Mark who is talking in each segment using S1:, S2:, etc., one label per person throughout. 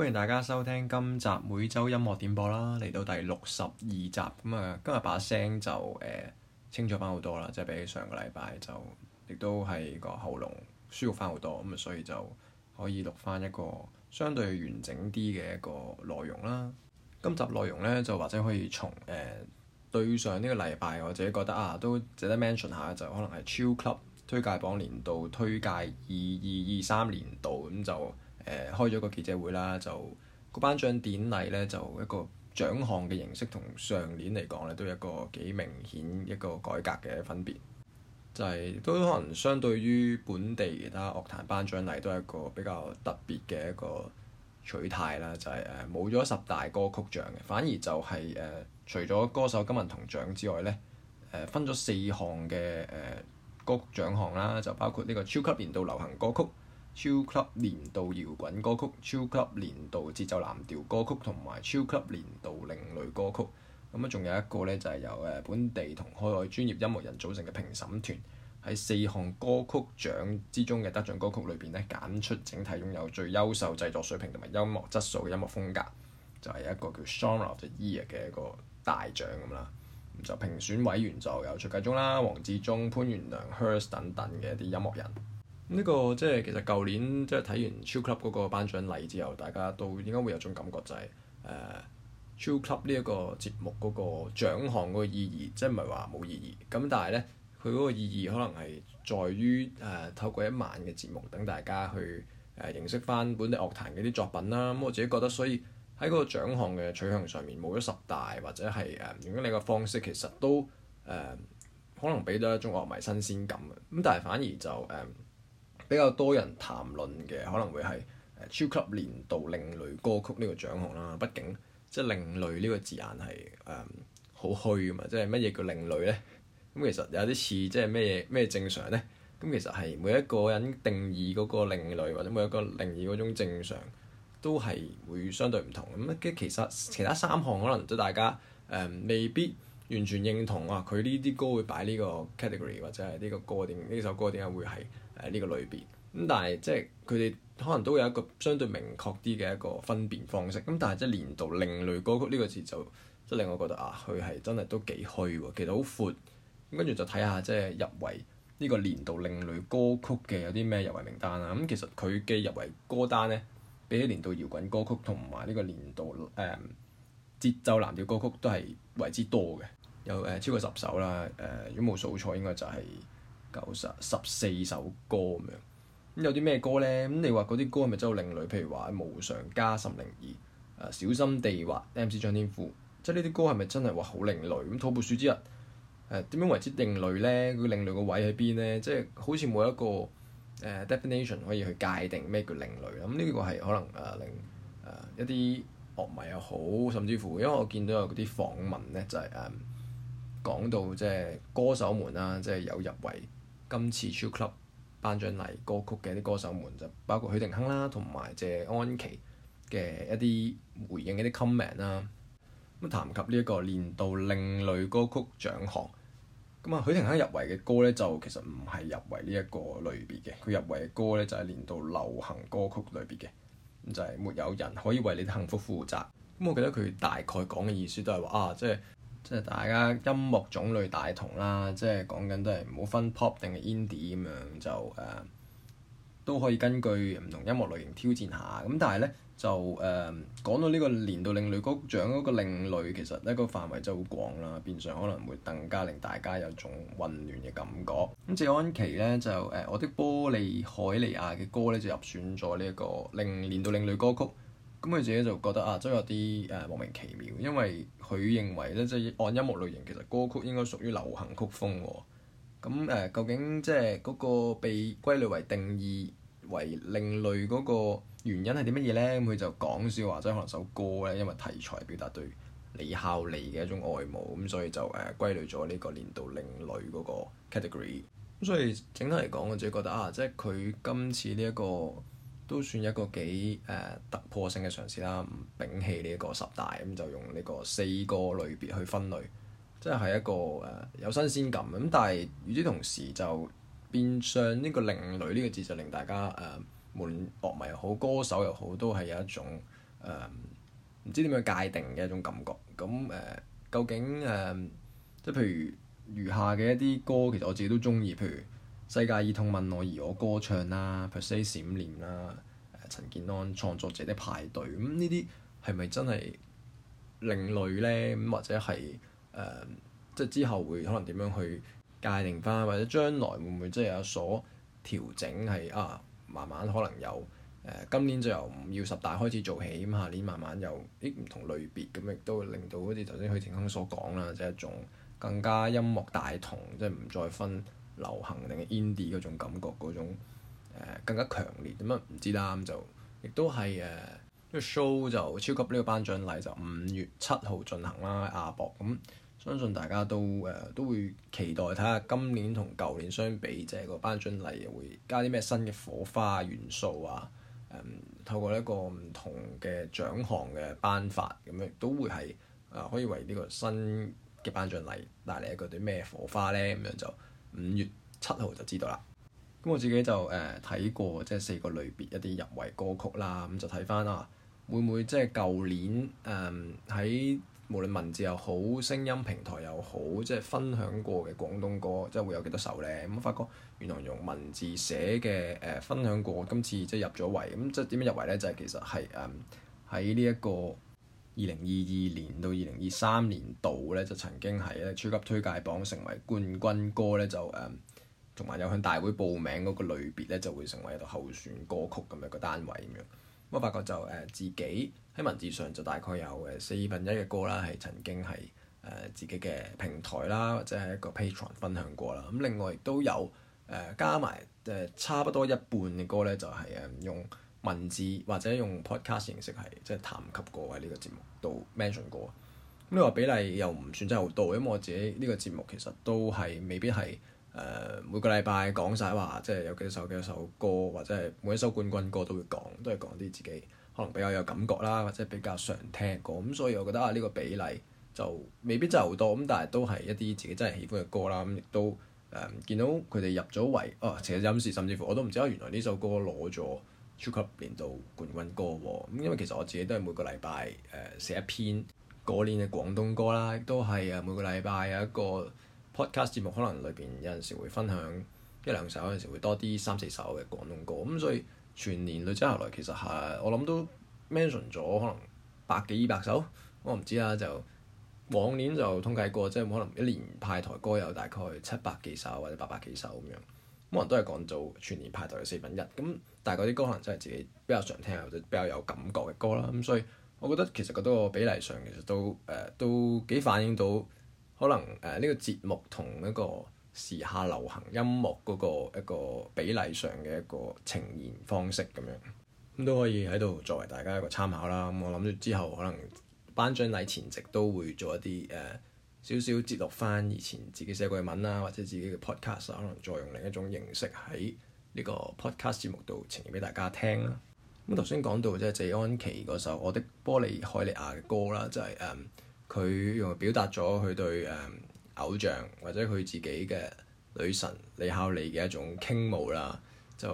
S1: 歡迎大家收聽今集每周音樂點播啦，嚟到第六十二集咁啊、嗯，今日把聲就誒、呃、清咗翻好多啦，即係比起上個禮拜就亦都係個喉嚨舒服翻好多，咁、嗯、啊所以就可以錄翻一個相對完整啲嘅一個內容啦。今集內容呢，就或者可以從誒、呃、對上呢個禮拜我自己覺得啊都值得 mention 下，就可能係 Chill Club 推介榜年度推介二二二三年度咁、嗯、就。誒開咗個記者會啦，就個頒獎典禮呢，就一個獎項嘅形式同上年嚟講呢都有一個幾明顯一個改革嘅分別，就係、是、都可能相對於本地其他樂壇頒獎禮，都係一個比較特別嘅一個取態啦，就係誒冇咗十大歌曲獎嘅，反而就係、是、誒、呃、除咗歌手金銀銅獎之外呢、呃，分咗四項嘅誒、呃、歌曲獎項啦，就包括呢個超級年度流行歌曲。超級年度搖滾歌曲、超級年度節奏藍調歌曲同埋超級年度另類歌曲，咁啊，仲有一個咧，就係由誒本地同海外專業音樂人組成嘅評審團喺四項歌曲獎之中嘅得獎歌曲裏邊咧，揀出整體擁有最優秀製作水平同埋音樂質素嘅音樂風格，就係、是、一個叫《Genre of the Year》嘅一個大獎咁啦。咁就評選委員就有徐繼忠啦、黃志淙、潘源良、Hers 等等嘅一啲音樂人。呢、這個即係其實舊年即係睇完 Chill Club 嗰個頒獎禮之後，大家都應該會有種感覺、就是，就係誒 Chill Club 呢一個節目嗰個獎項個意義，即係唔係話冇意義咁，但係呢，佢嗰個意義可能係在於誒、呃、透過一晚嘅節目，等大家去誒、呃、認識返本地樂壇嘅啲作品啦。咁、嗯、我自己覺得，所以喺嗰個獎項嘅取向上面冇咗十大或者係誒原經你嘅方式，其實都誒、呃、可能俾到一種樂迷新鮮感嘅。咁但係反而就誒。呃比較多人談論嘅可能會係誒超級年度另類歌曲呢個獎項啦，畢竟、即係嗯、即係另類呢個字眼係誒好虛嘅嘛，即係乜嘢叫另類咧？咁其實有啲似即係咩嘢咩正常咧？咁其實係每一個人定義嗰個另類或者每一個定義嗰種正常都係會相對唔同咁。咁其實其他三項可能都大家誒、嗯、未必完全認同啊，佢呢啲歌會擺呢個 category 或者係呢個歌定呢首歌點解會係？喺呢個裏邊，咁但係即係佢哋可能都會有一個相對明確啲嘅一個分辨方式。咁但係即係年度另類歌曲呢個字就即係令我覺得啊，佢係真係都幾虛喎，其實好闊。咁跟住就睇下即係入圍呢個年度另類歌曲嘅有啲咩入圍名單啦。咁、嗯、其實佢嘅入圍歌單咧，比起年度搖滾歌曲同埋呢個年度誒、嗯、節奏藍調歌曲都係為之多嘅，有誒、呃、超過十首啦。誒、呃、如果冇數錯，應該就係、是，九十十四首歌咁樣，咁有啲咩歌咧？咁你話嗰啲歌係咪真係另類？譬如話《無常加十零二，誒、呃、小心地滑，MC 張天賦，即係呢啲歌係咪真係話好另類？咁土撥鼠之日，誒、呃、點樣為之另類咧？佢另類個位喺邊咧？即係好似冇一個誒 definition、呃、可以去界定咩叫另類啦。咁呢個係可能誒令誒一啲樂迷又好，甚至乎因為我見到有嗰啲訪問咧，就係、是、誒、呃、講到即係歌手們啦，即、就、係、是、有入圍。今次 Chill Club 頒獎禮歌曲嘅啲歌手們就包括許廷鏗啦，同埋謝安琪嘅一啲回應一啲 comment 啦。咁談及呢一個年度另類歌曲獎項，咁啊許廷鏗入圍嘅歌呢，就其實唔係入圍呢一個類別嘅，佢入圍嘅歌呢，就係年度流行歌曲類別嘅，咁就係、是、沒有人可以為你的幸福負責。咁我記得佢大概講嘅意思都係話啊，即係。即係大家音樂種類大同啦，即係講緊都係唔好分 pop 定係 indie 咁樣就誒、呃，都可以根據唔同音樂類型挑戰下。咁但係咧就誒、呃、講到呢個年度另類歌曲獎嗰個另類，其實呢個範圍真係就好廣啦，變相可能會更加令大家有種混亂嘅感覺。咁謝安琪咧就誒、呃、我的波利海妮婭嘅歌咧就入選咗呢一個令年度另類歌曲。咁佢自己就覺得啊，真有啲誒、呃、莫名其妙，因為佢認為咧，即係按音樂類型，其實歌曲應該屬於流行曲風喎、哦。咁誒、呃，究竟即係嗰個被歸類為定義為另類嗰個原因係啲乜嘢咧？咁、嗯、佢就講笑話，即可能首歌咧，因為題材表達對李孝利嘅一種愛慕，咁所以就誒、呃、歸類咗呢個年度另類嗰個 category。咁所以整體嚟講，我自己覺得啊，即係佢今次呢、這、一個。都算一個幾誒突破性嘅嘗試啦，摒棄呢一個十大，咁就用呢個四個類別去分類，即係一個誒、呃、有新鮮感咁。但係與之同時就變相呢個另類呢個字，就令大家誒、呃、無論樂迷又好，歌手又好，都係有一種誒、呃、唔知點樣界定嘅一種感覺。咁誒、呃、究竟誒、呃、即係譬如餘下嘅一啲歌，其實我自己都中意，譬如。世界兒童問我而我歌唱啦，Persis 閃念啦，誒、呃、陳建安創作者的派對咁呢啲係咪真係另類咧？咁、嗯、或者係誒即係之後會可能點樣去界定翻，或者將來會唔會即係有所調整係啊，慢慢可能有誒、呃、今年就由唔要十大開始做起，咁、嗯、下年慢慢有啲唔同類別，咁亦都會令到好似頭先許廷鏗所講啦，即係一種更加音樂大同，即係唔再分。流行定係 indie 嗰種感覺，嗰種、呃、更加強烈咁啊，唔知啦。咁就亦都係誒呢個 show 就超級呢個頒獎禮就五月七號進行，啦亞博。咁相信大家都誒、呃、都會期待睇下今年同舊年相比，即係，這個頒獎禮會加啲咩新嘅火花元素啊？誒、呃、透過一個唔同嘅獎項嘅頒發，咁樣都會係啊、呃、可以為呢個新嘅頒獎禮帶嚟一個啲咩火花咧？咁樣就～五月七號就知道啦。咁我自己就誒睇、呃、過，即係四個類別一啲入圍歌曲啦。咁就睇翻啦，會唔會即係舊年誒喺、嗯、無論文字又好，聲音平台又好，即係分享過嘅廣東歌，即係會有幾多首呢？咁發覺原來用文字寫嘅誒、呃、分享過，今次即係入咗圍。咁即係點樣入圍呢？就係、是、其實係誒喺呢一個二零二二年到二零二三年度咧，就曾經喺咧 Chill Club 推介榜成為冠軍歌咧，就誒同埋有向大會報名嗰個類別咧，就會成為一個候選歌曲咁一個單位咁樣。咁我發覺就誒、呃、自己喺文字上就大概有誒四分一嘅歌啦，係曾經係誒、呃、自己嘅平台啦，或者係一個 Patreon 分享過啦。咁、嗯、另外亦都有誒、呃、加埋誒差不多一半嘅歌咧，就係、是、誒用。文字或者用 podcast 形式係即係談及過喺呢個節目度 mention 過咁。呢個比例又唔算真係好多，因為我自己呢個節目其實都係未必係誒、呃、每個禮拜講晒話，即係有幾首幾首歌或者係每一首冠軍歌都會講，都係講啲自己可能比較有感覺啦，或者比較常聽過咁。所以我覺得啊，呢、呢個比例就未必真係好多咁，但係都係一啲自己真係喜歡嘅歌啦。咁、嗯、亦都誒、呃、見到佢哋入咗圍哦，其實有時甚至乎我都唔知道啊，原來呢首歌攞咗。超級年度冠軍歌喎，咁因為其實我自己都係每個禮拜誒、呃、寫一篇過年嘅廣東歌啦，亦都係啊每個禮拜有一個 podcast 節目，可能裏邊有陣時會分享一兩首，有陣時會多啲三四首嘅廣東歌，咁、嗯、所以全年累積下來其實係、啊、我諗都 mention 咗可能百幾二百首，我唔知啦，就往年就統計過，即、就、係、是、可能一年派台歌有大概七百幾首或者八百幾首咁樣。冇人都係講做全年派台嘅四分一，咁但係嗰啲歌可能真係自己比較常聽或者比較有感覺嘅歌啦，咁所以我覺得其實嗰個比例上其實都誒、呃、都幾反映到可能誒呢、呃呢個節目同一個時下流行音樂嗰個一個比例上嘅一個呈現方式咁樣，咁都可以喺度作為大家一個參考啦。咁我諗住之後可能頒獎禮前夕都會做一啲誒、呃少少接落翻以前自己寫過嘅文啦，或者自己嘅 podcast，可能再用另一種形式喺呢個 podcast 節目度呈現俾大家聽啦。咁頭先講到即係謝安琪嗰首《我的波利海妮婭》嘅歌啦，就係誒佢用表達咗佢對誒、嗯、偶像或者佢自己嘅女神李孝利嘅一種傾慕啦，就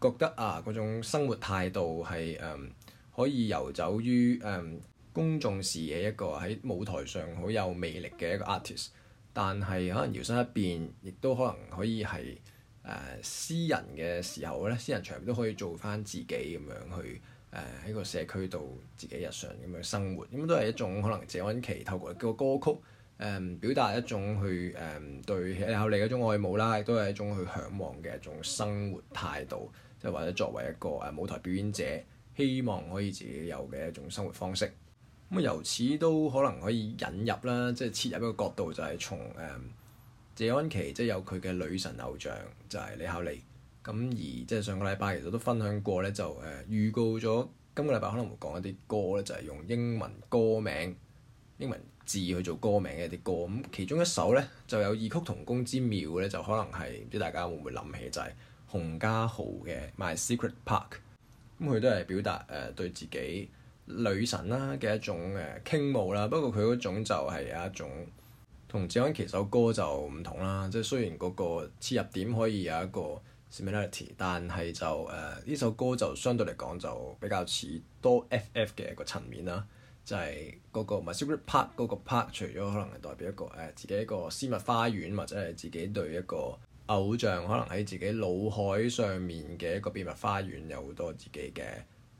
S1: 覺得啊嗰種生活態度係誒、嗯、可以游走於誒。嗯公眾視野一個喺舞台上好有魅力嘅一個 artist，但係可能搖身一變，亦都可能可以係誒私人嘅時候咧，私人場合都可以做翻自己咁樣去誒喺、呃、個社區度自己日常咁樣生活，咁、嗯、都係一種可能謝安琪透過個歌曲誒、呃、表達一種去誒、呃、對你考你嗰種愛慕啦，亦都係一種去嚮往嘅一種生活態度，即係或者作為一個誒、呃、舞台表演者，希望可以自己有嘅一種生活方式。咁由此都可能可以引入啦，即係切入一個角度，就係、是、從誒、嗯、謝安琪，即、就、係、是、有佢嘅女神偶像就係、是、李孝利。咁而即係上個禮拜其實都分享過呢，就誒預、呃、告咗今個禮拜可能會講一啲歌呢就係、是、用英文歌名英文字去做歌名嘅啲歌。咁其中一首呢，就有異曲同工之妙呢，就可能係唔知大家會唔會諗起，就係、是、洪嘉豪嘅《My Secret Park》。咁、嗯、佢都係表達誒、呃、對自己。女神啦嘅一種誒傾慕啦，不過佢嗰種就係有一種同謝安琪首歌就唔同啦。即係雖然嗰個切入點可以有一個 similarity，但係就誒呢、呃、首歌就相對嚟講就比較似多 FF 嘅一個層面啦。就係、是、嗰個唔係 Secret Park 嗰個 Park，除咗可能係代表一個誒、呃、自己一個私密花園，或者係自己對一個偶像可能喺自己腦海上面嘅一個秘密花園有好多自己嘅。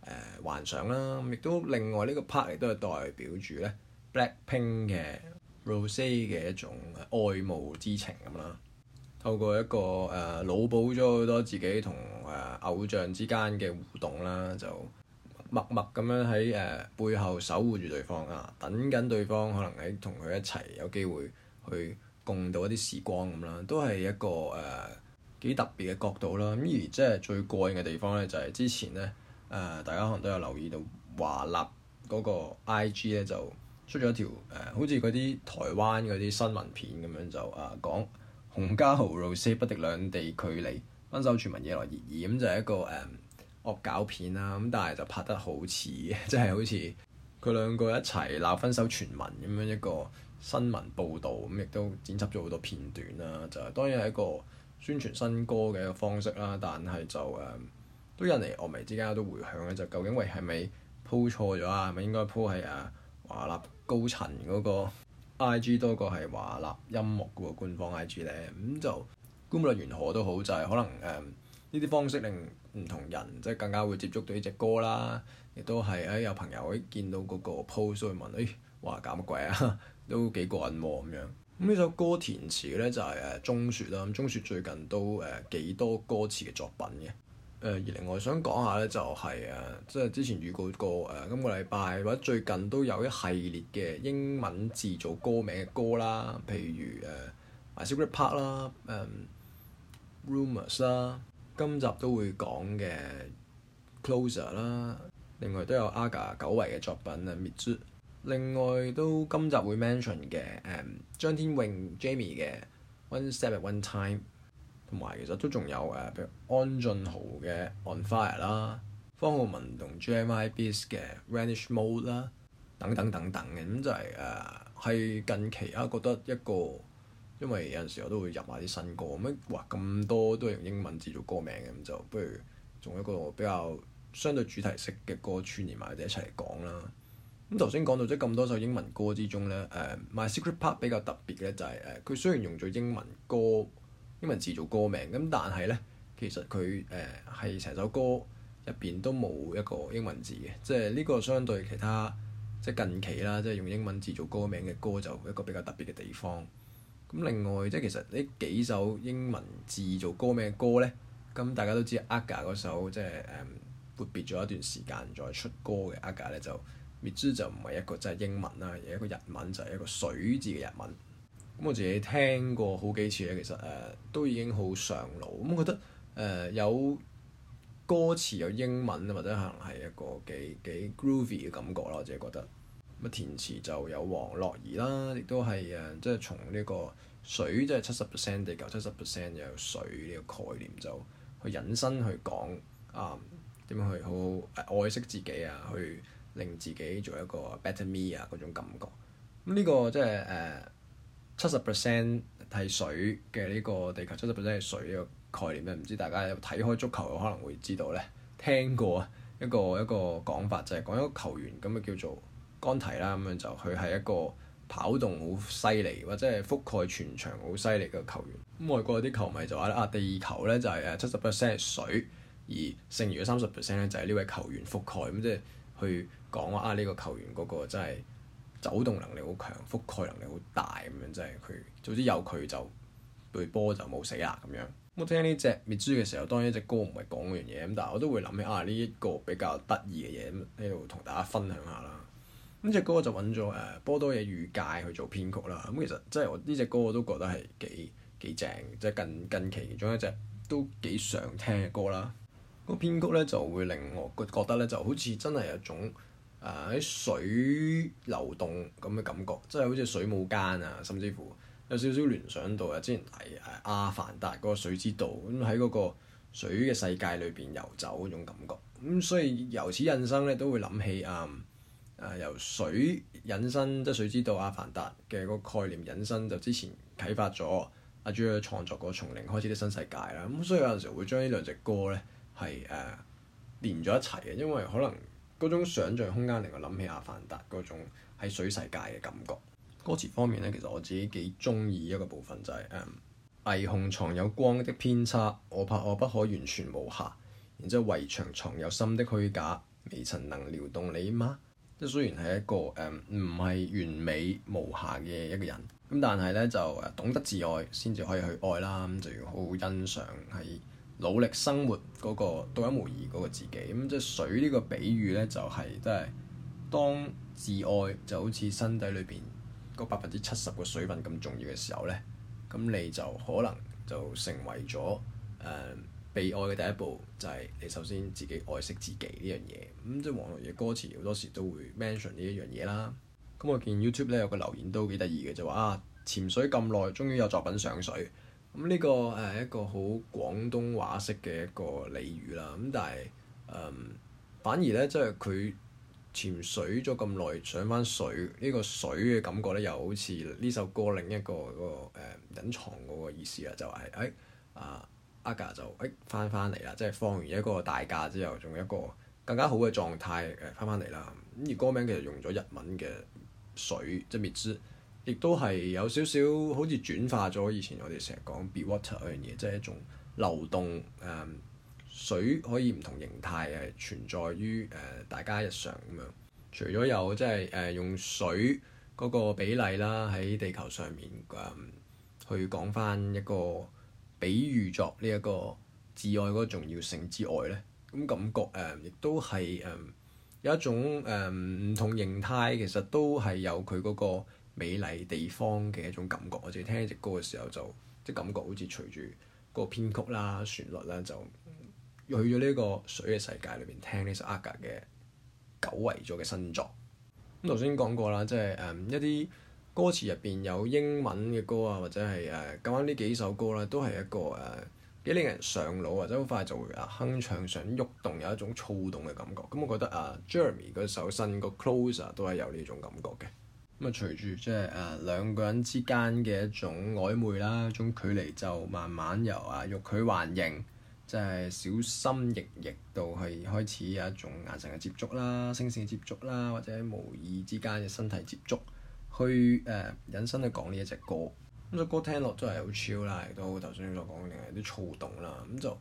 S1: 誒、呃、幻想啦，亦都另外呢、這個 part 都係代表住呢 Blackpink 嘅 Rose 嘅一種愛慕之情咁啦。透過一個誒、呃、腦補咗好多自己同誒、呃、偶像之間嘅互動啦，就默默咁樣喺誒背後守護住對方啊，等緊對方可能喺同佢一齊有機會去共度一啲時光咁啦，都係一個誒幾、呃、特別嘅角度啦。咁而即係最過癮嘅地方呢，就係、是、之前呢。誒、呃，大家可能都有留意到華納嗰個 IG 咧，就出咗一條誒、呃，好似嗰啲台灣嗰啲新聞片咁樣就啊、呃、講洪嘉豪 Rose 不敵兩地距離分手傳聞惹來熱議，咁、嗯、就係、是、一個誒、嗯、惡搞片啦。咁、嗯、但係就拍得、就是、好似，即係好似佢兩個一齊鬧分手傳聞咁樣一個新聞報導，咁、嗯、亦都剪輯咗好多片段啦、啊。就是、當然係一個宣傳新歌嘅一個方式啦，但係就誒。嗯都引嚟，我哋之間都有啲回響咧，就究竟喂係咪鋪錯咗啊？係咪應該鋪喺啊華納高層嗰、那個 I G 多過係華納音樂嘅官方 I G 咧？咁就無論如何都好，就係、是、可能誒呢啲方式令唔同人即係、就是、更加會接觸到呢隻歌啦，亦都係誒、呃、有朋友一見到嗰個鋪，所以問誒哇搞乜鬼啊？都幾過癮喎咁樣。咁呢首歌填詞咧就係誒鐘雪啦。鐘、呃、雪最近都誒、呃、幾多歌詞嘅作品嘅。誒，而另外想講下咧、就是，就係誒，即係之前預告過誒，今個禮拜或者最近都有一系列嘅英文字做歌名嘅歌啦，譬如 My Secret Park 啦，um,《Rumors》啦，今集都會講嘅《Closer》啦，另外都有 a AGA 久違嘅作品啊，《MIZU》，另外都今集會 mention 嘅誒、um, 張天穎 Jamie 嘅《One Step at One Time》。同埋其實都仲有誒，譬如安俊豪嘅《On Fire》啦，方浩文同 J.M.I.B.S. 嘅《Vanish Mode》啦，等等等等嘅咁、嗯、就係誒係近期啊覺得一個，因為有陣時候我都會入下啲新歌咁樣，哇咁多都係用英文字做歌名嘅咁、嗯、就不如仲有一個比較相對主題式嘅歌串連埋一齊嚟講啦。咁頭先講到即咁多首英文歌之中咧，誒、呃《My Secret Park》比較特別嘅就係誒佢雖然用咗英文歌。英文字做歌名，咁但係呢，其實佢誒係成首歌入邊都冇一個英文字嘅，即係呢個相對其他即係近期啦，即係用英文字做歌名嘅歌就一個比較特別嘅地方。咁另外，即係其實呢幾首英文字做歌名嘅歌呢，咁大家都知 AGA 嗰首即係誒闊別咗一段時間再出歌嘅 AGA 呢就 MIZU 就唔係一個即係英文啦，而係一個日文，就係一個水字嘅日文。咁、嗯、我自己聽過好幾次咧，其實誒、呃、都已經好上路上腦咁、嗯，覺得誒、呃、有歌詞有英文或者可能係一個幾幾 groovy 嘅感覺咯。我自己覺得咁啊、嗯，填詞就有王樂儀啦，亦都係誒、嗯、即係從呢、這個水即係七十 percent 地球，七十 percent 有水呢個概念，就去引申去講啊點樣去好好、呃、愛惜自己啊，去令自己做一個 better me 啊嗰種感覺。咁、嗯、呢、這個即係誒。呃七十 percent 係水嘅呢個地球七十 percent 係水嘅概念咧，唔知大家有睇開足球可能會知道咧，聽過一個一個講法就係、是、講一個球員咁啊叫做乾提啦，咁樣就佢係一個跑動好犀利或者係覆蓋全場好犀利嘅球員。咁外國啲球迷就話咧啊，地球咧就係誒七十 percent 係水，而剩餘嘅三十 percent 咧就係、是、呢位球員覆蓋咁，即係去講話啊呢、這個球員嗰個真係。走動能力好強，覆蓋能力好大咁樣，真係佢。早知有佢就對波就冇死啦咁樣。我聽呢隻 MIZU 嘅時候，當然呢隻歌唔係講嗰樣嘢，咁但係我都會諗起啊呢一、這個比較得意嘅嘢，喺度同大家分享下啦。咁隻歌就揾咗誒波多野裕介去做編曲啦。咁其實即係我呢隻歌我都覺得係幾幾正，即係近近期其中一隻都幾常聽嘅歌啦。個編曲咧就會令我覺得咧就好似真係一種。誒喺、啊、水流動咁嘅感覺，即係好似水舞間啊，甚至乎有少少聯想到啊，之前睇《阿凡達》個水之道，咁喺嗰個水嘅世界裏邊游走嗰種感覺，咁、嗯、所以由此引申咧，都會諗起、嗯、啊，誒由水引申，即係水之道《阿凡達》嘅個概念引申，就之前啟發咗阿朱嘅創作個《從零開始的新世界》啦、嗯，咁所以有陣時會將呢兩隻歌咧係誒連咗一齊嘅，因為可能。嗰種想像空間令我諗起阿凡達嗰種喺水世界嘅感覺。歌詞方面咧，其實我自己幾中意一個部分就係、是、誒，霓、嗯、虹藏有光的偏差，我怕我不可完全無瑕。然之後圍牆藏有心的虛假，未曾能撩動你嗎？即係雖然係一個誒唔係完美無瑕嘅一個人，咁但係咧就誒懂得自愛先至可以去愛啦。咁就要好好欣賞係。努力生活嗰、那個獨一無二嗰個自己，咁、嗯、即係水呢個比喻呢，就係即係當自愛就好似身體裏邊嗰百分之七十個水分咁重要嘅時候呢，咁你就可能就成為咗、呃、被愛嘅第一步，就係、是、你首先自己愛惜自己呢樣嘢。咁、嗯、即係黃樂兒嘅歌詞好多時都會 mention 呢一樣嘢啦。咁、嗯、我見 YouTube 咧有個留言都幾得意嘅，就話啊，潛水咁耐，終於有作品上水。咁呢個誒一個好廣東話式嘅一個俚語啦，咁但係誒、呃、反而咧，即係佢潛水咗咁耐，上翻水呢個水嘅感覺咧，又好似呢首歌另一個嗰、那個誒隱、呃、藏嗰個意思、就是哎、啊，就係誒啊阿 GA 就誒翻翻嚟啦，即、哎、係、就是、放完一個大假之後，仲有一個更加好嘅狀態誒翻翻嚟啦。咁、呃、而歌名其實用咗日文嘅水即係 MIZU。亦都係有少少好似轉化咗以前我哋成日講 be water 嗰樣嘢，即係一種流動誒、嗯、水可以唔同形態誒存在於誒、呃、大家日常咁樣。除咗有即係誒、呃、用水嗰個比例啦，喺地球上面誒、嗯、去講返一個比喻作呢、這、一個至愛嗰個重要性之外咧，咁感覺誒、嗯、亦都係誒、嗯、有一種誒唔、嗯、同形態，其實都係有佢嗰、那個。美麗地方嘅一種感覺，我自己聽呢隻歌嘅時候就，即係感覺好似隨住嗰個編曲啦、旋律啦，就去咗呢個水嘅世界裏邊聽呢首 AGA 嘅久違咗嘅新作。咁頭先講過啦，即係誒、嗯、一啲歌詞入邊有英文嘅歌啊，或者係誒今晚呢幾首歌啦，都係一個誒幾、呃、令人上腦，或者好快就會啊哼唱想喐動，動，有一種躁動嘅感覺。咁、嗯、我覺得啊，Jeremy 嗰首新歌 Closer 都係有呢種感覺嘅。咁啊，隨住即係誒兩個人之間嘅一種曖昧啦，一種距離就慢慢由啊欲拒還迎，即、就、係、是、小心翼翼到去開始有一種眼神嘅接觸啦、聲線嘅接觸啦，或者無意之間嘅身體接觸，去誒引申去講呢一隻歌。咁隻歌聽落真係好 chill 啦，亦都頭先所講嘅係啲躁動啦。咁就咁啊，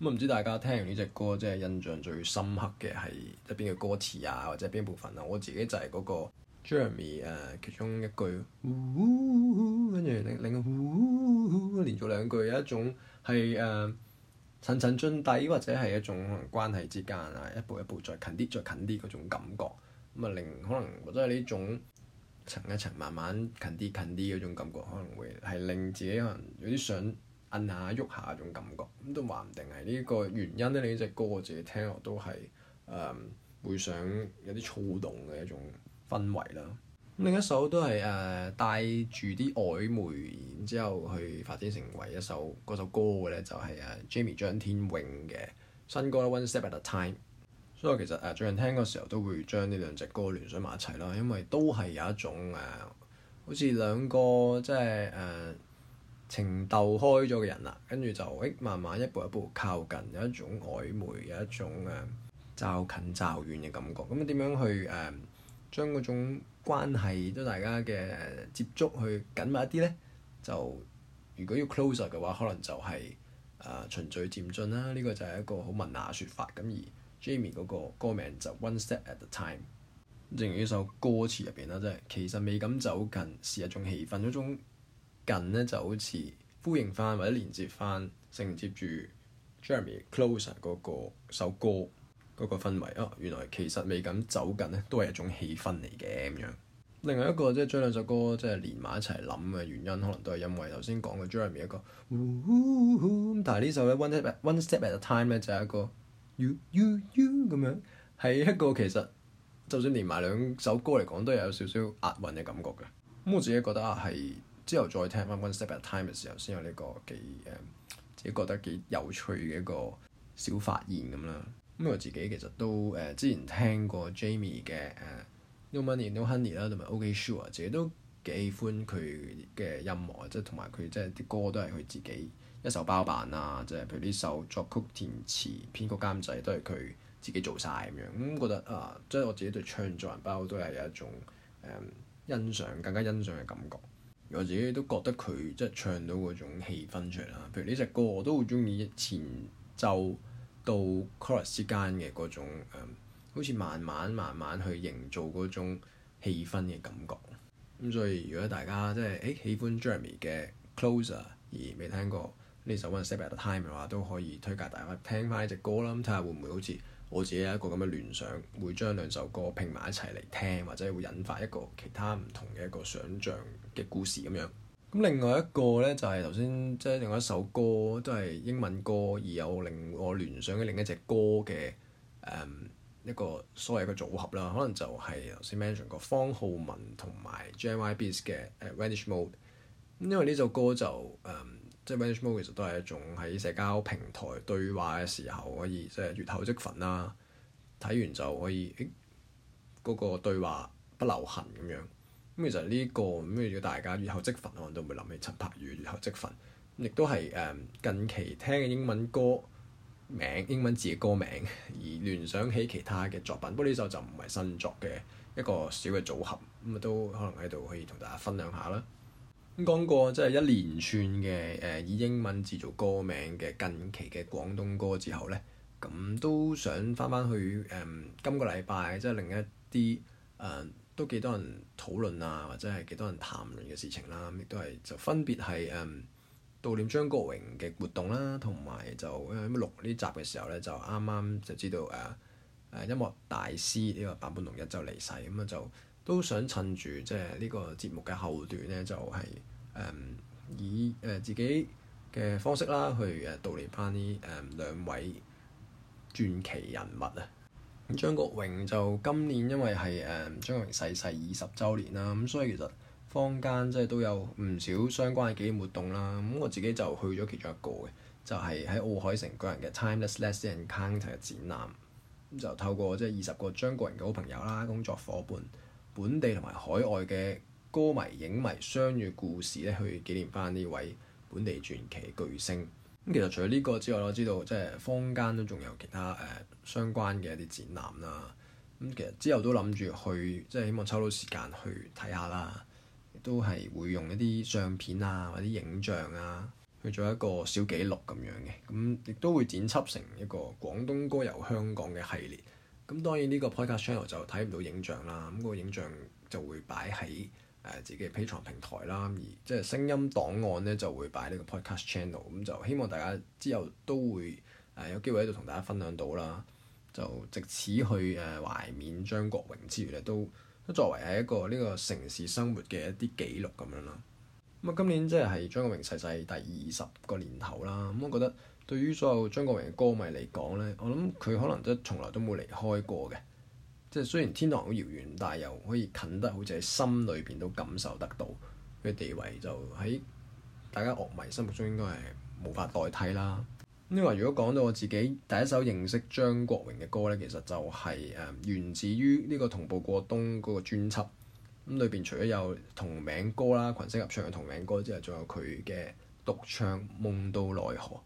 S1: 唔、嗯、知大家聽完呢隻歌，即係印象最深刻嘅係邊個歌詞啊，或者邊部分啊？我自己就係嗰、那個。Jeremy 誒、uh, 其中一句，呼呼呼跟住令另一句，連續兩句有一種係誒層層進底，或者係一種可能關係之間啊，一步一步再近啲、再近啲嗰種感覺。咁啊，令可能或者係呢種層一層慢慢近啲、近啲嗰種感覺，可能會係令自己可能有啲想摁下喐下嗰種感覺。咁都話唔定係呢個原因咧。你呢隻歌我自己聽落都係誒、嗯、會想有啲躁動嘅一種。氛圍啦。另一首都係誒、呃、帶住啲曖昧，然之後去發展成為一首嗰首歌嘅咧，就係誒 Jamie 張天穎嘅新歌咧。One step at a time。所、so, 以其實誒、呃、最近聽嘅時候都會將呢兩隻歌聯想埋一齊啦，因為都係有一種誒、呃，好似兩個即係誒、呃、情竇開咗嘅人啦，跟住就誒、欸、慢慢一步一步靠近，有一種曖昧，有一種誒驟、呃、近驟遠嘅感覺。咁點樣去誒？呃將嗰種關係都大家嘅接觸去緊密一啲咧，就如果要 Closer 嘅話，可能就係、是、啊、呃、循序漸進啦。呢、這個就係一個好文雅嘅説法。咁而 Jamie 嗰個歌名就 One Step At A Time，正如呢首歌詞入邊啦，即係其實未敢走近是一種氣氛，一種近咧就好似呼應返或者連接返承接住 Jeremy Closer 嗰個首歌。嗰個氛圍啊、哦，原來其實未敢走近咧，都係一種氣氛嚟嘅咁樣。另外一個即係將兩首歌即係、就是、連埋一齊諗嘅原因，可能都係因為頭先講嘅《Jeremy》一個，呼呼但係呢首咧《One Step at a Time》咧就係一個 You You You 咁樣，係一個其實就算連埋兩首歌嚟講，都有少少押韻嘅感覺嘅。咁我自己覺得係、啊、之後再聽翻《One Step at a Time》嘅時候，先有呢、這個幾誒、呃、自己覺得幾有趣嘅一個小發現咁啦。咁、嗯、我自己其實都誒、呃、之前聽過 Jamie 嘅誒《呃、New、no、Money New、no、Honey》啦，同埋《o k、OK, Sure》，自己都幾喜歡佢嘅音樂，即係同埋佢即係啲歌都係佢自己一手包辦啊！即係譬如呢首作曲、填詞、編曲、監製都係佢自己做晒咁樣。咁、嗯、覺得啊、呃，即係我自己對唱作人包都係有一種誒、嗯、欣賞，更加欣賞嘅感覺。我自己都覺得佢即係唱到嗰種氣氛出嚟啦。譬如呢隻歌我都好中意，前奏，到 chorus 之間嘅嗰種誒、嗯，好似慢慢慢慢去營造嗰種氣氛嘅感覺，咁、嗯、所以如果大家即係誒喜歡 Jeremy 嘅 Closer 而未聽過呢首 One Step at a Time 嘅話都可以推介大家聽翻一隻歌啦，睇下會唔會好似我自己有一個咁嘅聯想，會將兩首歌拼埋一齊嚟聽，或者會引發一個其他唔同嘅一個想象嘅故事咁樣。咁另外一個咧就係頭先即係另外一首歌，都係英文歌，而有令我聯想嘅另一隻歌嘅誒、嗯、一個所謂嘅組合啦。可能就係頭先 mention 過方皓玟同埋 JNYBeatz 嘅《Vanish Mode》。因為呢首歌就誒、嗯，即係《Vanish Mode》其實都係一種喺社交平台對話嘅時候可以、就是、後即係閱後即焚啦，睇完就可以嗰、欸嗰個對話不留痕咁樣。咁其實呢、這個咁如果大家閱後即焚，可能都會諗起陳柏宇閱後即焚，亦都係誒近期聽嘅英文歌名、英文字嘅歌名，而聯想起其他嘅作品。不過呢首就唔係新作嘅一個小嘅組合，咁、嗯、啊都可能喺度可以同大家分享下啦。咁、嗯、講過即係、就是、一連串嘅誒、呃、以英文字做歌名嘅近期嘅廣東歌之後咧，咁、嗯、都想返返去誒、嗯、今個禮拜即係另一啲誒。嗯都幾多人討論啊，或者係幾多人談論嘅事情啦，亦都係就分別係誒、嗯、悼念張國榮嘅活動啦，同埋就、嗯、錄呢集嘅時候咧，就啱啱就知道誒誒、啊、音樂大師呢個版本龍一坂本龍一就離世，咁、嗯、啊就都想趁住即係呢個節目嘅後段咧，就係、是、誒、嗯、以誒、呃、自己嘅方式啦，去誒悼念翻呢誒兩位傳奇人物啊！張國榮就今年因為係誒張國榮逝世二十週年啦，咁所以其實坊間即係都有唔少相關嘅紀念活動啦。咁我自己就去咗其中一個嘅，就係、是、喺奧海城舉行嘅《Timeless Legacy Encounter》展覽。咁就透過即係二十個張國榮嘅好朋友啦、工作伙伴、本地同埋海外嘅歌迷影迷相遇故事咧，去紀念翻呢位本地傳奇巨星。咁其實除咗呢個之外，我知道即係坊間都仲有其他誒、呃、相關嘅一啲展覽啦。咁其實之後都諗住去，即係希望抽到時間去睇下啦。都係會用一啲相片啊或者影像啊去做一個小記錄咁樣嘅。咁、嗯、亦都會剪輯成一個廣東歌遊香港嘅系列。咁、嗯、當然呢個 Podcast Channel 就睇唔到影像啦。咁、嗯、那個影像就會擺喺誒自己嘅 Patreon 平台啦，而即係聲音檔案咧就會擺呢個 podcast channel，咁就希望大家之後都會誒有機會喺度同大家分享到啦。就藉此去誒懷緬張國榮之餘咧，都都作為係一個呢個城市生活嘅一啲記錄咁樣啦。咁啊，今年即係係張國榮逝世第二十個年頭啦。咁我覺得對於所有張國榮嘅歌迷嚟講咧，我諗佢可能都係從來都冇離開過嘅。即係雖然天堂好遙遠，但係又可以近得好似喺心裏邊都感受得到佢地位，就喺大家樂迷心目中應該係無法代替啦。咁另外，如果講到我自己第一首認識張國榮嘅歌呢，其實就係源自於呢個同步過冬嗰個專輯。咁裏邊除咗有同名歌啦、群星合唱嘅同名歌之外，仲有佢嘅獨唱《夢到內河》。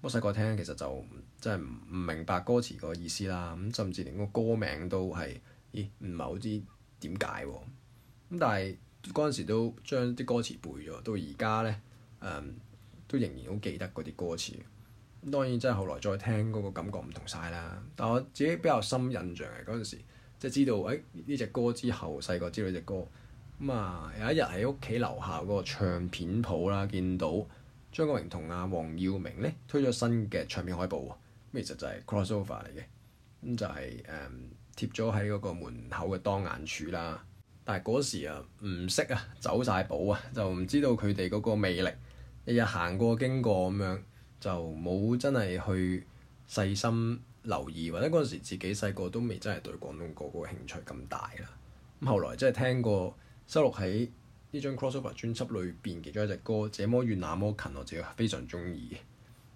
S1: 我細個聽，其實就～真係唔明白歌詞個意思啦，咁甚至連個歌名都係，咦唔係好知點解喎？咁但係嗰陣時都將啲歌詞背咗，到而家咧誒都仍然好記得嗰啲歌詞。咁當然真係後來再聽嗰個感覺唔同晒啦。但我自己比較深印象嘅嗰陣時，即係知道誒呢隻歌之後，細個知道隻歌。咁、嗯、啊有一日喺屋企樓下嗰個唱片鋪啦，見到張國榮同阿黃耀明咧推咗新嘅唱片海報。其實就就係 crossover 嚟嘅，咁就係誒貼咗喺嗰個門口嘅當眼處啦。但係嗰時啊，唔識啊，走晒步啊，就唔知道佢哋嗰個魅力。日日行過經過咁樣，就冇真係去細心留意，或者嗰陣時自己細個都未真係對廣東歌嗰個興趣咁大啦。咁後來真係聽過收錄喺呢張 crossover 專輯裏邊其中一隻歌《這麼遠那麼近》，我自己非常中意。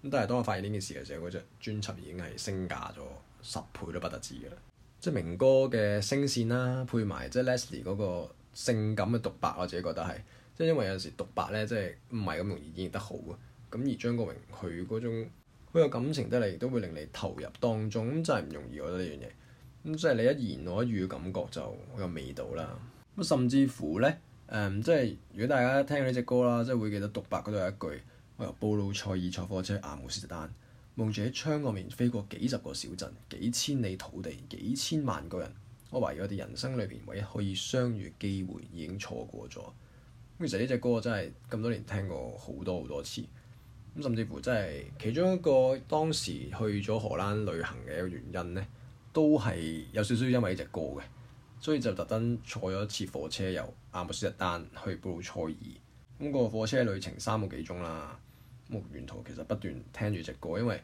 S1: 咁但係當我發現呢件事嘅時候，嗰隻專輯已經係升價咗十倍都不得止嘅喇，即係明哥嘅聲線啦、啊，配埋即係 Leslie 嗰個性感嘅獨白，我自己覺得係，即係因為有陣時獨白咧，即係唔係咁容易演繹得好嘅，咁而張國榮佢嗰種好有感情得嚟，亦都會令你投入當中，咁真係唔容易，我覺得呢樣嘢，咁即係你一言我一語嘅感覺就好有味道啦，咁甚至乎咧，誒、嗯，即係如果大家聽呢隻歌啦，即係會記得獨白嗰度有一句。我由布魯塞爾坐火車去阿姆斯特丹，望住喺窗外面飛過幾十個小鎮、幾千里土地、幾千萬個人。我懷疑我哋人生裏邊唯一可以相遇機會已經錯過咗。咁其實呢隻歌真係咁多年聽過好多好多次。咁甚至乎真係其中一個當時去咗荷蘭旅行嘅一個原因呢，都係有少少因為呢隻歌嘅，所以就特登坐咗一次火車由阿姆斯特丹去布魯塞爾。咁個火車旅程三個幾鐘啦。木沿途其實不斷聽住隻歌，因為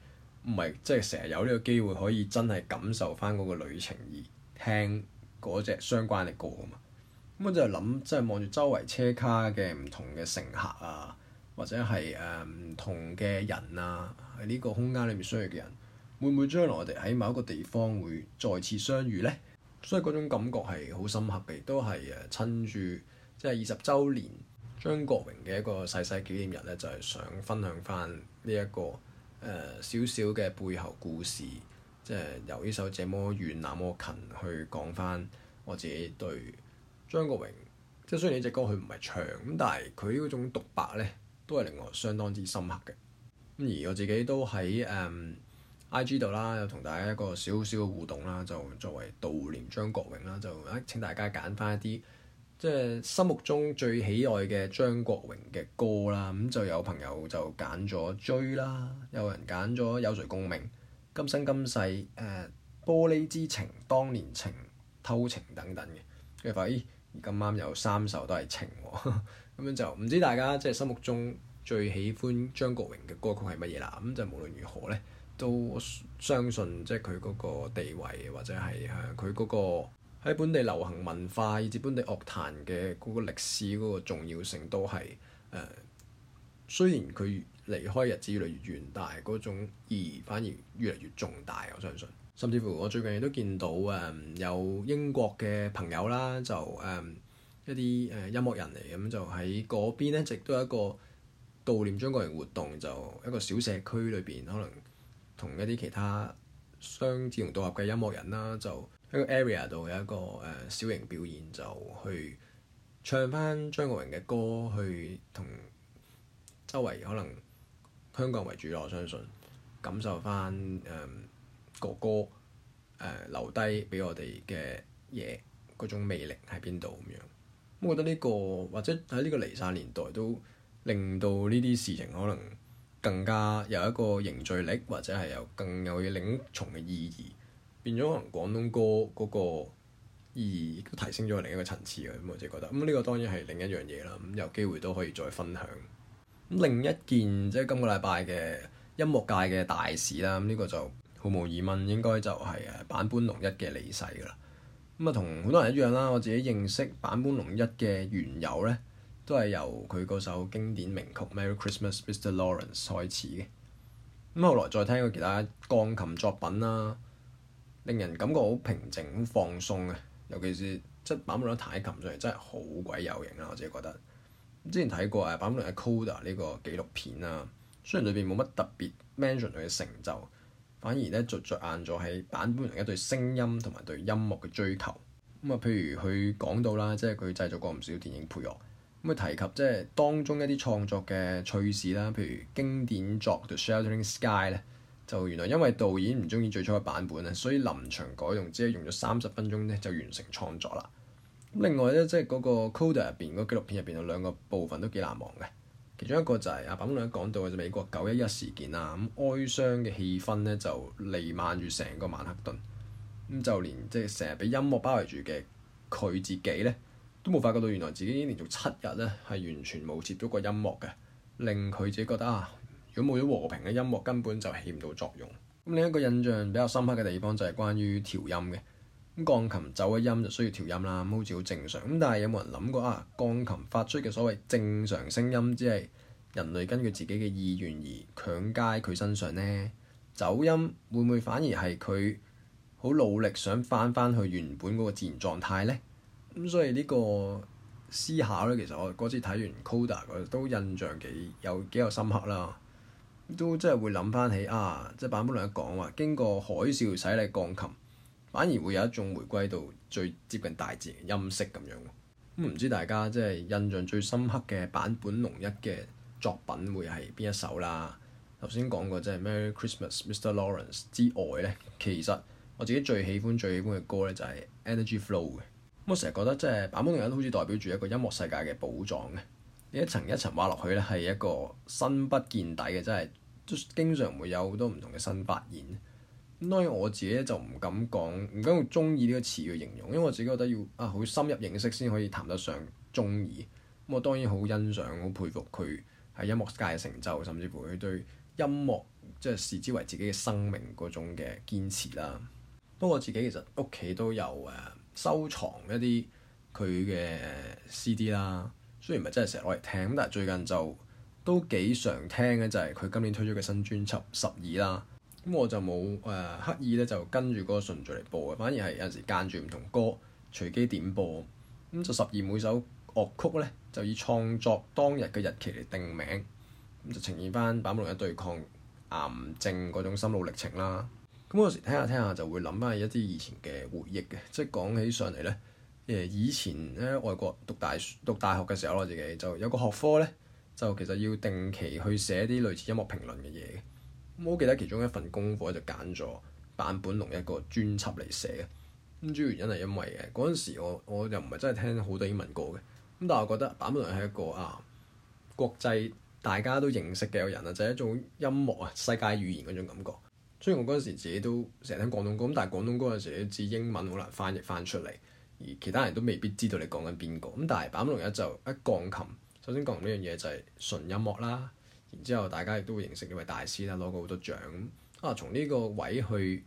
S1: 唔係即係成日有呢個機會可以真係感受翻嗰個旅程而聽嗰隻相關嘅歌啊嘛。咁我就諗，即係望住周圍車卡嘅唔同嘅乘客啊，或者係誒唔同嘅人啊，喺呢個空間裏面相遇嘅人，會唔會將來我哋喺某一個地方會再次相遇呢？所以嗰種感覺係好深刻嘅，都係誒趁住即係二十週年。張國榮嘅一個逝世紀念日咧，就係、是、想分享翻呢一個誒少少嘅背後故事，即係由呢首這麼遠那麼近去講翻我自己對張國榮，即係雖然呢隻歌佢唔係長，咁但係佢嗰種獨白咧都係令我相當之深刻嘅。咁而我自己都喺誒、嗯、IG 度啦，有同大家一個少少嘅互動啦，就作為悼念張國榮啦，就請大家揀翻一啲。即係心目中最喜愛嘅張國榮嘅歌啦，咁就有朋友就揀咗追啦，有人揀咗有誰共鳴、今生今世、誒、呃、玻璃之情、當年情、偷情等等嘅，跟住發咦，咁啱有三首都係情喎，咁樣就唔知大家即係心目中最喜歡張國榮嘅歌曲係乜嘢啦，咁就無論如何咧，都相信即係佢嗰個地位或者係佢嗰個。喺本地流行文化以至本地樂壇嘅嗰個歷史，嗰個重要性都係誒、呃，雖然佢離開日子越嚟越遠，但係嗰種意義反而越嚟越重大。我相信，甚至乎我最近亦都見到誒、嗯、有英國嘅朋友啦，就誒、嗯、一啲誒音樂人嚟，咁就喺嗰邊咧，一直都有一個悼念張國榮活動，就一個小社區裏邊，可能同一啲其他志同道合嘅音樂人啦，就。喺個 area 度有一個誒小型表演，就去唱翻張國榮嘅歌，去同周圍可能香港為主咯。我相信感受翻誒、嗯、哥哥誒、呃、留低畀我哋嘅嘢嗰種魅力喺邊度咁樣。我覺得呢、這個或者喺呢個離散年代都令到呢啲事情可能更加有一個凝聚力，或者係有更有要另一重嘅意義。變咗可能廣東歌嗰個意義提升咗另一個層次嘅咁，我就覺得咁呢、這個當然係另一樣嘢啦。咁有機會都可以再分享咁另一件，即係今個禮拜嘅音樂界嘅大事啦。咁、這、呢個就毫無疑問應該就係誒坂本龍一嘅離世啦。咁啊，同好多人一樣啦，我自己認識坂本龍一嘅原由咧，都係由佢嗰首經典名曲《Merry Christmas, Mr. Lawrence》開始嘅。咁後來再聽過其他鋼琴作品啦。令人感覺好平靜好放鬆嘅，尤其是即係坂本龍一彈起琴上嚟，真係好鬼有型啦！我自己覺得。之前睇過啊，坂本龍一《Coda》呢個紀錄片啦，雖然裏邊冇乜特別 mention 佢嘅成就，反而咧就著，著眼咗係版本人一坂本龍一對聲音同埋對音樂嘅追求。咁、嗯、啊，譬如佢講到啦，即係佢製作過唔少電影配樂。咁、嗯、啊，提及即係當中一啲創作嘅趣事啦，譬如經典作《The Sheltering Sky》咧。就原來因為導演唔中意最初嘅版本啊，所以臨場改動，只係用咗三十分鐘咧就完成創作啦。另外咧，即係嗰個 Coda 入邊，嗰、那個、紀錄片入邊有兩個部分都幾難忘嘅。其中一個就係、是、阿品亮講到嘅美國九一一事件啦。咁哀傷嘅氣氛咧就彌漫住成個曼克頓，咁就連即係成日俾音樂包圍住嘅佢自己咧，都冇發覺到原來自己已經連續七日咧係完全冇接觸過音樂嘅，令佢自己覺得啊～如果冇咗和平嘅音樂，根本就起唔到作用。咁另一個印象比較深刻嘅地方就係關於調音嘅咁。鋼琴走嘅音就需要調音啦，咁好似好正常。咁但係有冇人諗過啊？鋼琴發出嘅所謂正常聲音，只係人類根據自己嘅意願而強加佢身上呢？走音會唔會反而係佢好努力想翻翻去原本嗰個自然狀態呢？咁所以個呢個思考咧，其實我嗰次睇完 Coda，我都印象幾有幾有深刻啦。都真係會諗翻起啊！即係坂本龍一講話，經過海嘯洗禮鋼琴，反而會有一種回歸到最接近大自然音色咁樣。咁、嗯、唔知大家即係印象最深刻嘅坂本龍一嘅作品會係邊一首啦？頭先講過即係《Merry Christmas, Mr. Lawrence》之外呢，其實我自己最喜歡最喜歡嘅歌呢、就係，就、e、係《Energy Flow》嘅、嗯。我成日覺得即係坂本龍一好似代表住一個音樂世界嘅寶藏你一層一層挖落去咧，係一個深不見底嘅，真係都經常會有好多唔同嘅新發現。咁當然我自己就唔敢講，唔敢用「鍾意」呢個詞去形容，因為我自己覺得要啊好深入認識先可以談得上鍾意。咁我當然好欣賞、好佩服佢喺音樂界嘅成就，甚至乎佢對音樂即係、就是、視之為自己嘅生命嗰種嘅堅持啦。不過我自己其實屋企都有誒收藏一啲佢嘅 CD 啦。雖然唔係真係成日攞嚟聽，但係最近就都幾常聽嘅，就係、是、佢今年推出嘅新專輯《十二》啦。咁我就冇誒、呃、刻意咧就跟住嗰個順序嚟播嘅，反而係有陣時間住唔同歌隨機點播。咁就《十二》每首樂曲咧就以創作當日嘅日期嚟定名，咁就呈現翻坂本龍一對抗癌症嗰種心路歷程啦。咁有時聽下聽下就會諗翻一啲以前嘅回憶嘅，即係講起上嚟咧。誒以前咧，外國讀大讀大學嘅時候，我自己就有個學科咧，就其實要定期去寫啲類似音樂評論嘅嘢。我記得其中一份功課就揀咗坂本龍一個專輯嚟寫，咁主要原因係因為嘅嗰陣時我，我我又唔係真係聽好多英文歌嘅。咁但係我覺得坂本龍係一個啊國際大家都認識嘅有人啊，就係、是、一種音樂啊世界語言嗰種感覺。雖然我嗰陣時自己都成日聽廣東歌，咁但係廣東歌嗰陣時，你知英文好難翻譯翻出嚟。而其他人都未必知道你講緊邊個咁，但係坂本龍一就一鋼琴。首先，鋼琴呢樣嘢就係純音樂啦。然之後，大家亦都會認識呢位大師啦，攞過好多獎。啊，從呢個位去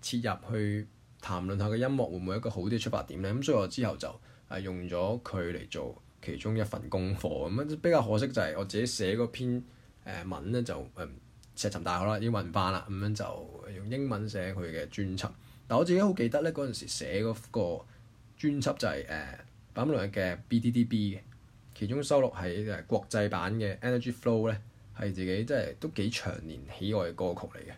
S1: 切入去談論下嘅音樂會唔會一個好啲嘅出發點咧？咁、嗯、所以我之後就係用咗佢嚟做其中一份功課咁啊。比較可惜就係我自己寫嗰篇誒文咧，就誒、嗯、石沉大海啦，英文混化啦。咁、嗯、樣就用英文寫佢嘅專輯。但我自己好記得咧，嗰陣時寫嗰、那個。專輯就係誒坂本龍一嘅 BTTB 嘅，其中收錄係國際版嘅 Energy Flow 咧，係自己即係都幾長年喜愛嘅歌曲嚟嘅。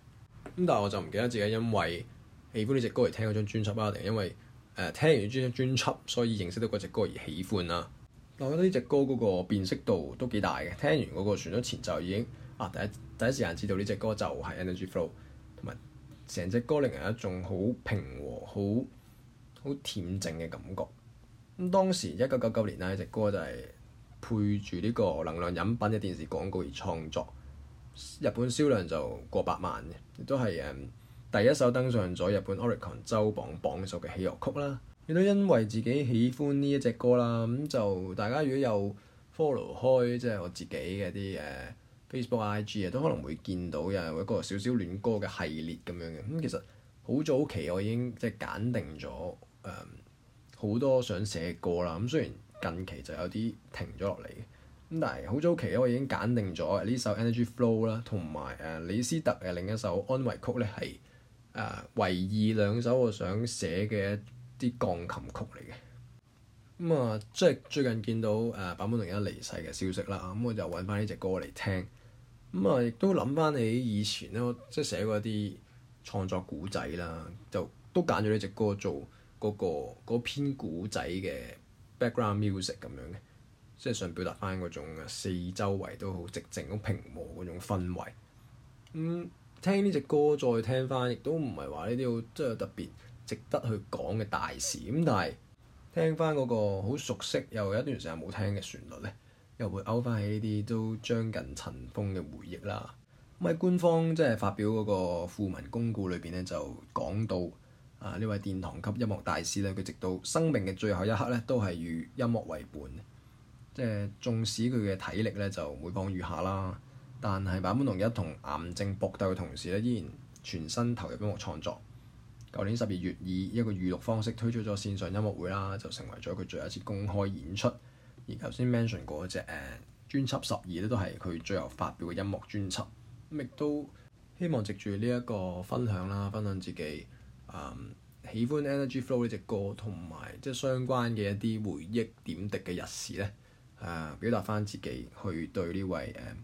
S1: 咁但係我就唔記得自己因為喜歡呢隻歌而聽嗰張專輯啦，定係因為誒聽完專專輯所以認識到嗰隻歌而喜歡啦。我覺得呢隻歌嗰個辨識度都幾大嘅，聽完嗰個旋律前奏已經啊第一第一時間知道呢隻歌就係 Energy Flow，同埋成隻歌令人一種好平和好。好恬靜嘅感覺。咁當時一九九九年咧，呢隻歌就係配住呢個能量飲品嘅電視廣告而創作。日本銷量就過百萬亦都係誒、嗯、第一首登上咗日本 Oricon 周榜榜首嘅器樂曲啦。亦都因為自己喜歡呢一隻歌啦，咁就大家如果有 follow 開即係、就是、我自己嘅啲誒 Facebook I G 啊，都可能會見到有一個小小戀歌嘅系列咁樣嘅。咁其實好早期我已經即係揀定咗。好、嗯、多想寫歌啦，咁雖然近期就有啲停咗落嚟，咁但係好早期咧，我已經揀定咗呢首、e Flow，啊《Energy Flow》啦，同埋誒李斯特嘅另一首安慰曲咧，係誒為二唯二兩首我想寫嘅一啲鋼琴曲嚟嘅。咁、嗯、啊，即係最近見到誒坂、啊、本龍一離世嘅消息啦，咁、啊嗯、我就揾翻呢隻歌嚟聽。咁、嗯、啊，亦都諗翻你以前咧、啊，即係寫過啲創作古仔啦，就都揀咗呢隻歌做。嗰、那個嗰篇古仔嘅 background music 咁樣嘅，即係想表達翻嗰種四周圍都好寂靜好平和嗰種氛圍。咁、嗯、聽呢隻歌再聽翻，亦都唔係話呢啲好即係特別值得去講嘅大事。咁但係聽翻嗰個好熟悉又一段時間冇聽嘅旋律呢，又會勾翻起呢啲都將近塵封嘅回憶啦。咁喺官方即係發表嗰個訃聞公告裏邊呢，就講到。啊！呢位殿堂級音樂大師咧，佢直到生命嘅最後一刻咧，都係與音樂為伴。即係縱使佢嘅體力咧就每況愈下啦，但係版本同一坂本龍一同癌症搏鬥嘅同時咧，依然全身投入音樂創作。舊年十二月以一個預錄方式推出咗線上音樂會啦，就成為咗佢最後一次公開演出。而頭先 mention 過一隻誒專輯《十二》咧，都係佢最後發表嘅音樂專輯。亦都希望藉住呢一個分享啦，分享自己。嗯、喜歡 Energy Flow 呢隻歌，同埋即係相關嘅一啲回憶點滴嘅日時呢誒、呃、表達翻自己去對呢位、呃、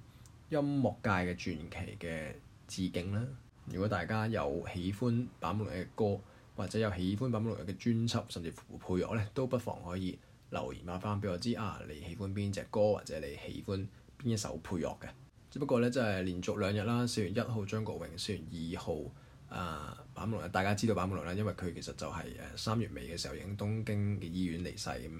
S1: 音樂界嘅傳奇嘅致敬啦。如果大家有喜歡坂本龍一嘅歌，或者有喜歡坂本龍一嘅專輯，甚至乎配樂呢，都不妨可以留言話翻俾我知啊！你喜歡邊隻歌，或者你喜歡邊一首配樂嘅？只不過呢，即、就、係、是、連續兩日啦，四月一號張國榮，四月二號。啊，坂本、呃、龍，大家知道版本龍啦，因為佢其實就係、是、誒、呃、三月尾嘅時候，已經東京嘅醫院離世咁。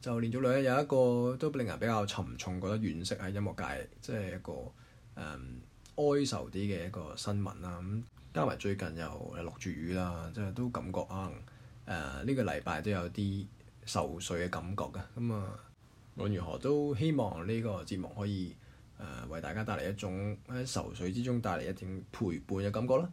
S1: 就連續兩日有一個都令人比較沉重，覺得惋惜喺音樂界，即係一個誒、呃、哀愁啲嘅一個新聞啦。咁、嗯、加埋最近又落住雨啦，即係都感覺可能呢、呃這個禮拜都有啲愁緒嘅感覺嘅。咁、嗯、啊，我、嗯、如何都希望呢個節目可以誒、呃、為大家帶嚟一種喺愁緒之中帶嚟一點陪伴嘅感覺啦。